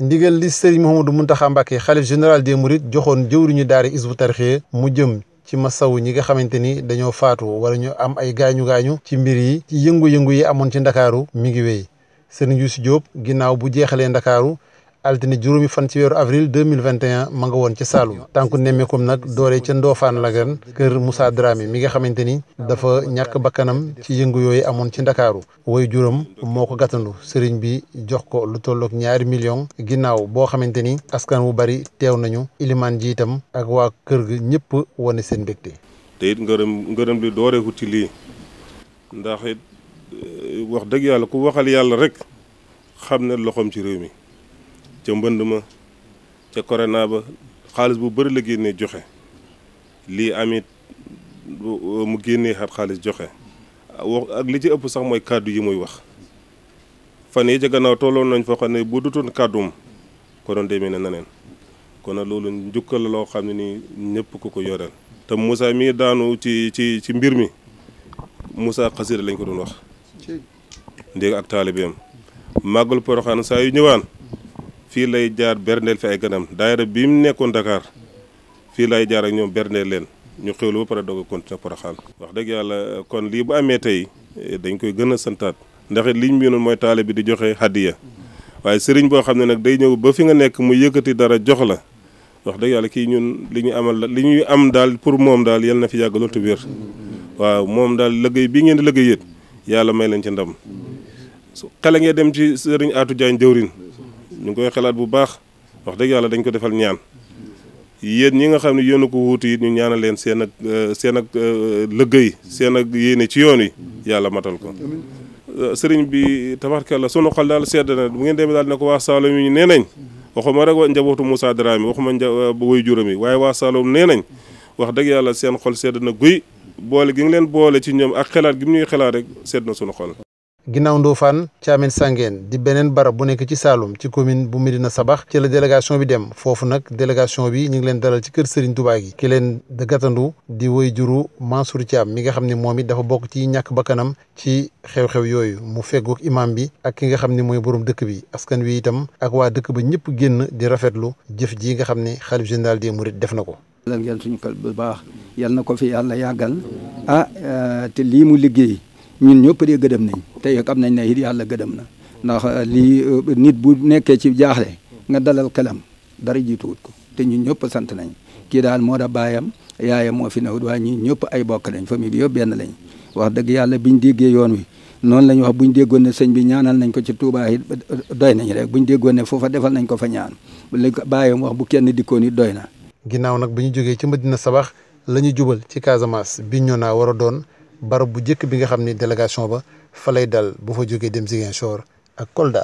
ndigal li sëriñ mun Mountakha Mbacké xalif général des Mourides joxoon jëwriñu daara Hizbut Tarqiyyah mu jëm ci ma masawu ñi nga xamante ni dañoo faatu wala ñu am ay gaañu gaañu ci mbir yi ci yëngu-yëngu yi amoon ci ndakaaru mi ngi wéy sëriñ si Diop ginnaaw bu jeexalee ndakaaru altine juróomi fan ci weeru avril 2021 ma nga woon ci Saalum tànku nemmeekum nag doore ca Ndoofaan Lagan kër Moussa Dramé mi nga xamante ni dafa ñàkk bakkanam ci yëngu yooyu amoon ci Ndakaaru woy juróom moo ko gàttandu sëriñ bi jox ko lu tollook ñaari million ginnaaw boo xamante ni askan wu bari teew nañu ilimaan ji itam ak waa kër gi ñëpp wane seen mbégte te it ngërëm ngërëm li dooreeku ci lii ndax it eh, wax dëgg yàlla ku waxal yàlla rek xam ne loxoom ci réew mi ca mbënd ma ca corona ba xaalis bu bari la génne joxe lii amit mu génnee xat xaalis joxe wax ak li ci ëpp sax mooy kàddu yi muy wax fan yi ca gannaaw tolloon nañ foo xam ne bu dutoon kàddum ko doon demee ne neneen kon nag loolu njukkal la loo xam ne nii ñëpp ku ko yoreel te Moussa mii daanu ci ci ci mbir mi Moussa xasida lañ ko doon wax ndéeg ak taalibeem màggal Poroxaan saa yu ñëwaan fii lay jaar berndeel fi ay ganam daayira bi mu nekkoon Dakar fii lay jaar ak ñoom berndeel leen ñu xewlu ba pare doog a continuer Porokhane wax dëgg yàlla kon lii bu amee tey dañ koy gën a santaat ndax liñ bi mooy taale bi di joxe hadiya waaye sëriñ boo xam ne nag day ñëw ba fi nga nekk mu yëkkati dara jox la wax dëgg yàlla kii ñun li ñu amal li ñuy am daal pour moom daal yal na fi yàgg loolu te wér waaw moom daal liggéey bii ngeen di liggéey yàlla may leen ci ndam su xale ngeen dem ci sëriñ atu Diagne jëwrin ñu ngi koy xalaat bu baax wax dëgg yàlla dañ ko defal ñaan yéen ñi nga xam ne yéen a ko wuutu ñu ñaanal leen seen ak euh, seen ak euh, lëggéey seen ak yéene ci yoon yi yàlla matal ko euh, sëriñ bi tabarkalla sunu xol daal sedd na bu ngeen deme daal ne ko waa Saloum yi nee nañ waxuma rek wa njabootu Moussa Dramé waxuma woy juróom yi waaye waa Saloum nee nañ wax dëgg yàlla seen xol sedd na guy boole gi nga leen boole ci ñoom ak xelaat gi ñuy xelaat rek sedd na sunu xol ginnaaw Ndofane Thiamène Sangène di beneen barab bu nekk ci saalum ci commune bu Médina Sabax ci la délégation bi dem foofu nag délégation bi ñu ngi leen dalal ci kër Serigne Touba gi ki leen da di woy juru Mansour Thiam mi nga xam ni moom it dafa bokk ci ñàkk bakkanam ci xew-xew yooyu mu feggoog imam bi ak ki nga xam ni mooy borom dëkk bi askan wi itam ak waa dëkk ba ñëpp génn di rafetlu jëf ji nga xam ni xalif général des Mourides def na ko. ngeen suñu kër bu baax yal na ko fi yàlla yàggal ah eh, te lii mu liggéey. ñun ñëpp de gëdëm nañ tey xam nañ ne it yàlla gëdëm na ndax euh, lii euh, nit bu nekkee ci jaaxle nga dalal xelam dara jiituwut ko te ñun ñëpp sant nañ kii daal moo da baayam yaayam moo fi newut waaye ñun ñëpp ay bokk lañ famille bi yëpp benn lañ wax dëgg yàlla biñ déggee yoon wi noonu la ñu wax buñ déggoon ne sëñ bi ñaanal nañ ko ci Touba it doy nañ rek buñ déggoon ne foofa defal nañ ko fa ñaan li ko baayam wax bu kenn dikkoon it doy na ginnaaw nag bu ñu jógee ci Madina Sabax la ñu jubal ci Casamance bi ñu naa war a doon barab bu njëkk bi nga xam ni délégation ba fa lay dal bu fa jógee dem Ziguinchor ak Kolda.